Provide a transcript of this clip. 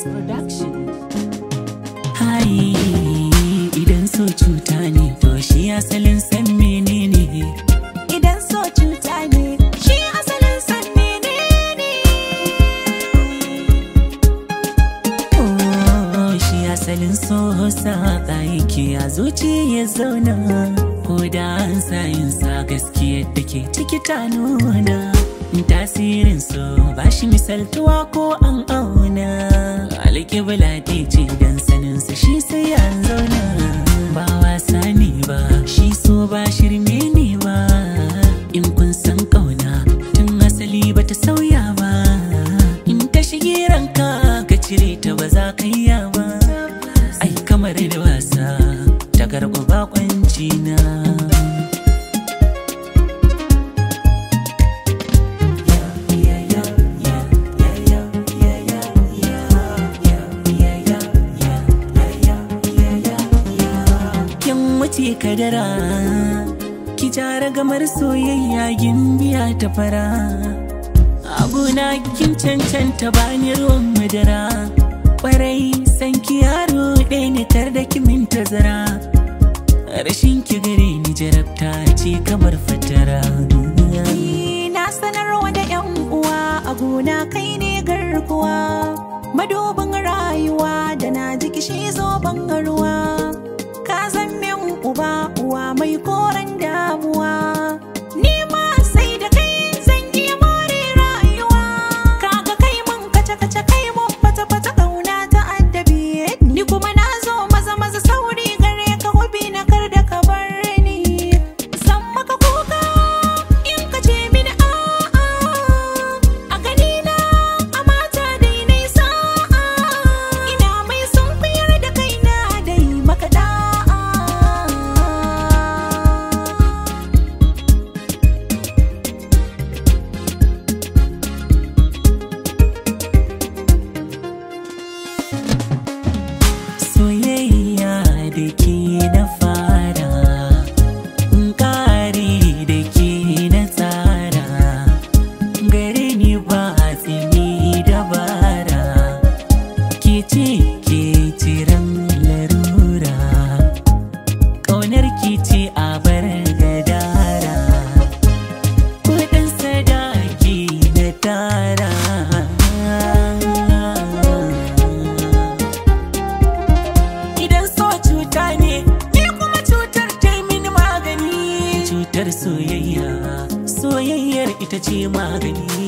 Films Production. Hai, idan so cuta ne, to shi asalin san menene. Idan so cuta ne, shi asalin san menene. Oh, shi asalin so saka yake a zuciya zauna. Ko da an sa gaskiyar da ke ciki ta nuna. tasirin so ba shi misaltuwa ko an auna kibla ce dan saninsu shi sai an zo ba wasa ne ba shi so ba shirme kadara ki jara gamar soyayya biya ta fara Abuna kin cancanta bani ruwan madara kwarai san ki yaro ɗaya ne tar da kimin tazara rashin ki gare ni jarabta ce kamar fatara na sanarwa da yan uwa a gona kai ne garkuwa Madubin rayuwa da na ji kishi zoben ban uba uwa mai koren ce a bar gadara kudin sadaki na tara idan so cuta ne ni kuma cutar ta magani cutar soyayya soyayyar ita ita ce magani